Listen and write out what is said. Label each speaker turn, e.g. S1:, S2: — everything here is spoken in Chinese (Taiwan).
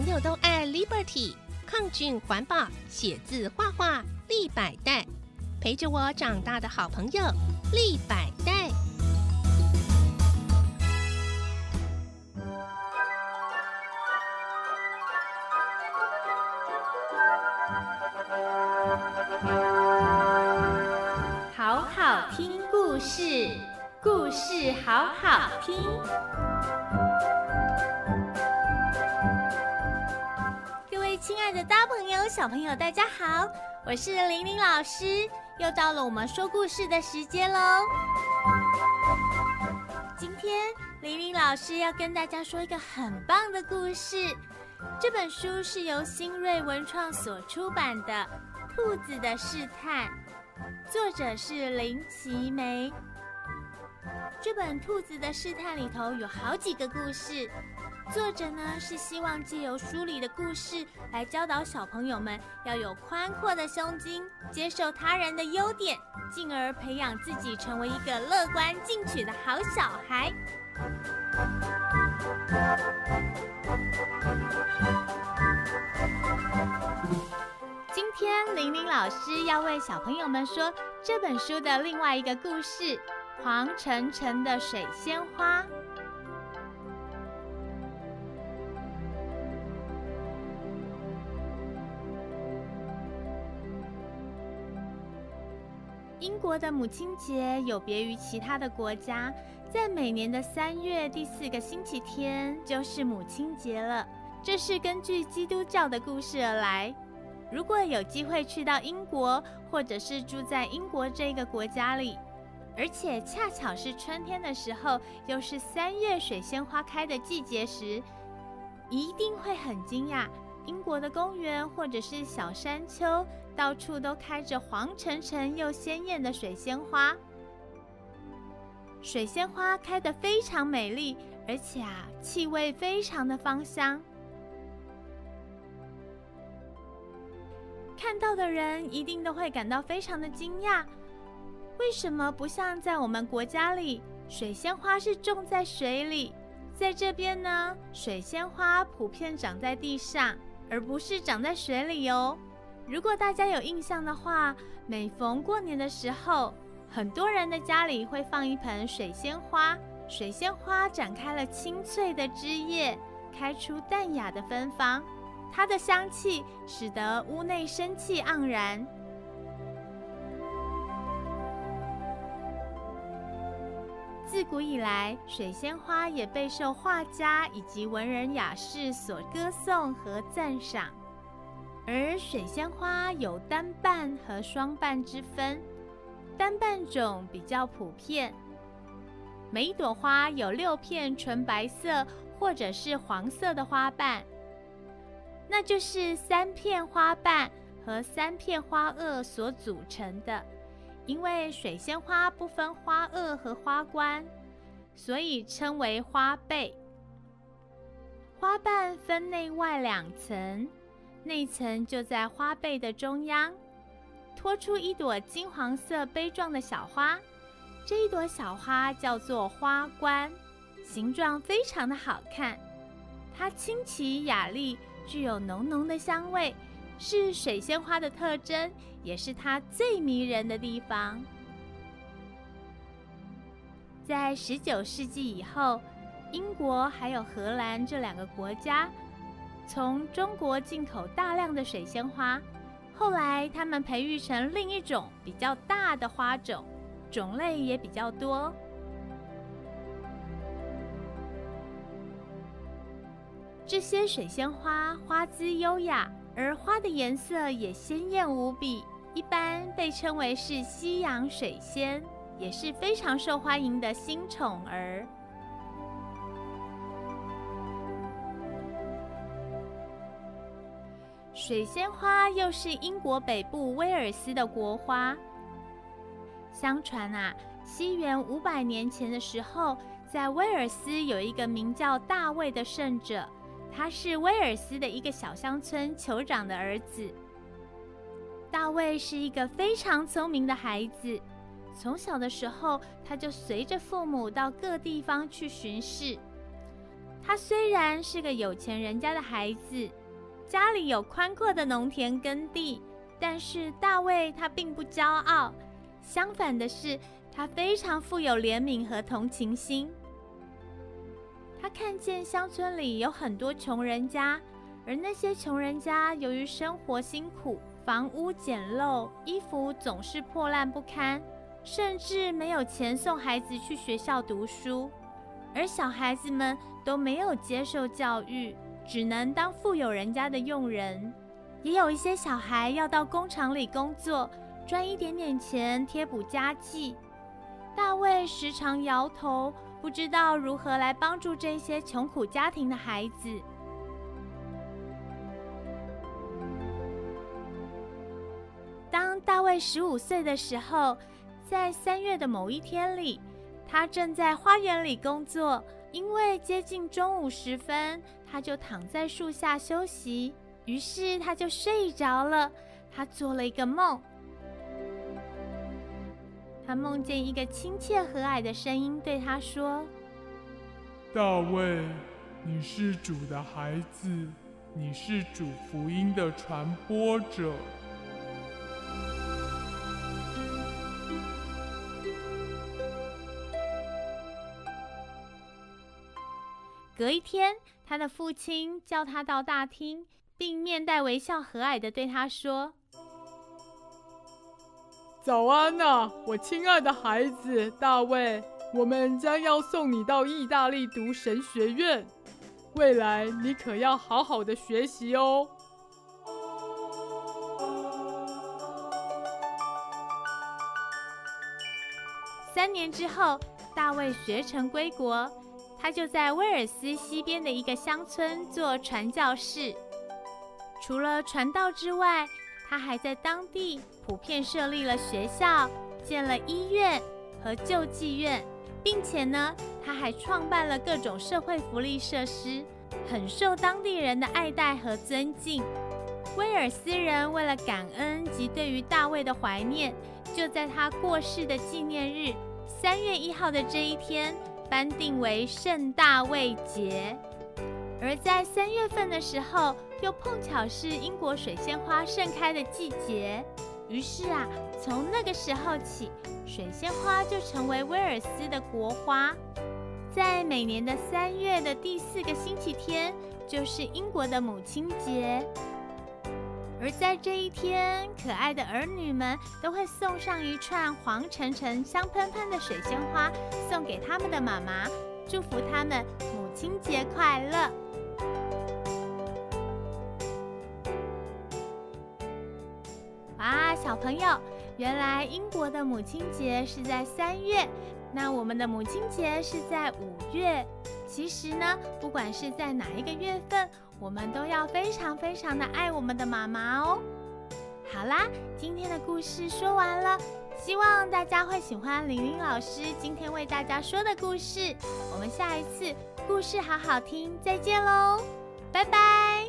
S1: 朋友都愛 Liberty，抗菌環保，寫字畫畫，利百代，陪着我長大的好朋友利百代。好好聽故事，故事好好聽。親愛的大朋友、小朋友，大家好！我是玲玲老師，又到了我們說故事的時間嘍。今天玲玲老師要跟大家說一個很棒的故事。這本書是由新銳文創所出版的《兔子的試探》，作者是林奇梅。這本《兔子的試探》裡頭有好幾個故事。作者呢是希望借由書裡的故事來教導小朋友們要有寬闊的胸襟，接受他人的優點，進而培養自己成為一個樂觀進取的好小孩。今天玲玲老師要為小朋友們說這本書的另外一個故事——黃澄澄的水仙花。英國的母親節有別於其他的國家，在每年的三月第四個星期天就是母親節了。這是根據基督教的故事而來。如果有機會去到英國，或者是住在英國這個國家裡，而且恰巧是春天的時候，又是三月水仙花開的季節時，一定會很驚訝。英國的公園或者是小山丘。到處都開着黃澄澄、又鮮豔的水仙花，水仙花開得非常美麗，而且啊，氣味非常的芳香。看到的人一定都會感到非常的驚訝，為什麼不像在我們國家裡，水仙花是種在水裡，在這邊呢，水仙花普遍長在地上，而不是長在水裡哦。如果大家有印象的話，每逢過年的時候，很多人的家裡會放一盆水仙花。水仙花展開了青翠的枝葉，開出淡雅的芬芳，它的香氣使得屋內生氣盎然。自古以來，水仙花也備受畫家以及文人雅士所歌頌和讚賞。而水仙花有單瓣和雙瓣之分，單瓣種比較普遍。每一朵花有六片純白色或者是黃色的花瓣，那就是三片花瓣和三片花萼所組成的。因為水仙花不分花萼和花冠，所以稱為花被。花瓣分內外兩層。內層就在花被的中央，托出一朵金黃色杯狀的小花，這一朵小花叫做花冠，形狀非常的好看，它清奇雅麗，具有濃濃的香味，是水仙花的特徵，也是它最迷人的地方。在十九世紀以後，英國還有荷蘭這兩個國家。從中國進口大量的水仙花，後來他們培育成另一種比較大的花種，種類也比較多。這些水仙花花姿優雅，而花的顏色也鮮豔無比，一般被稱為是西洋水仙，也是非常受歡迎的新寵兒。水仙花又是英國北部威爾斯的國花。相傳啊，西元五百年前的時候，在威爾斯有一個名叫大衛的聖者，他是威爾斯的一個小鄉村酋長的兒子。大衛是一個非常聰明的孩子，從小的時候他就隨着父母到各地方去巡視。他雖然是個有錢人家的孩子，家裡有寬闊的農田耕地，但是大衛他並不驕傲，相反的是，他非常富有憐憫和同情心。他看見鄉村裡有很多窮人家，而那些窮人家由於生活辛苦，房屋簡陋，衣服總是破爛不堪，甚至沒有錢送孩子去學校讀書，而小孩子們都沒有接受教育。只能當富有人家的傭人，也有一些小孩要到工廠裡工作，賺一點點錢貼補家計。大衛時常搖頭，不知道如何來幫助這些窮苦家庭的孩子。當大衛十五歲的時候，在三月的某一天裡，他正在花園裡工作，因為接近中午時分。他就躺在樹下休息，於是他就睡着了。他做了一個夢，他夢見一個親切和藹的聲音對他說：“大衛，你是主的孩子，你是主福音的傳播者。”隔一天，他的父親叫他到大廳，並面帶微笑、和藹地對他說：“早安啊，我親愛的孩子，大衛，我們將要送你到意大利讀神學院，未來你可要好好的學習哦。”三年之後，大衛學成歸國。他就在威爾斯西邊的一個鄉村做傳教士。除了傳道之外，他還在當地普遍設立了學校、建了醫院和救濟院，並且呢，他還創辦了各種社會福利設施，很受當地人的愛戴和尊敬。威爾斯人為了感恩及對於大衛的懷念，就在他過世的紀念日，三月一號的這一天，頒定為盛大味節，而在三月份的時候，又碰巧是英國水仙花盛開的季節。於是啊，從那個時候起，水仙花就成為威爾斯的國花。在每年的三月的第四個星期天，就是英國的母親節。而在這一天，可愛的兒女們都會送上一串黃澄澄、香噴噴的水仙花，送給他們的媽媽，祝福他們母親節快樂。哇，小朋友，原來英國的母親節是在三月，那我們的母親節是在五月。其實呢，不管是在哪一個月份。我們都要非常非常的愛我們的媽媽哦。好啦，今天的故事說完了，希望大家會喜歡玲玲老師今天為大家說的故事。我們下一次故事好好聽，再見嘍，拜拜。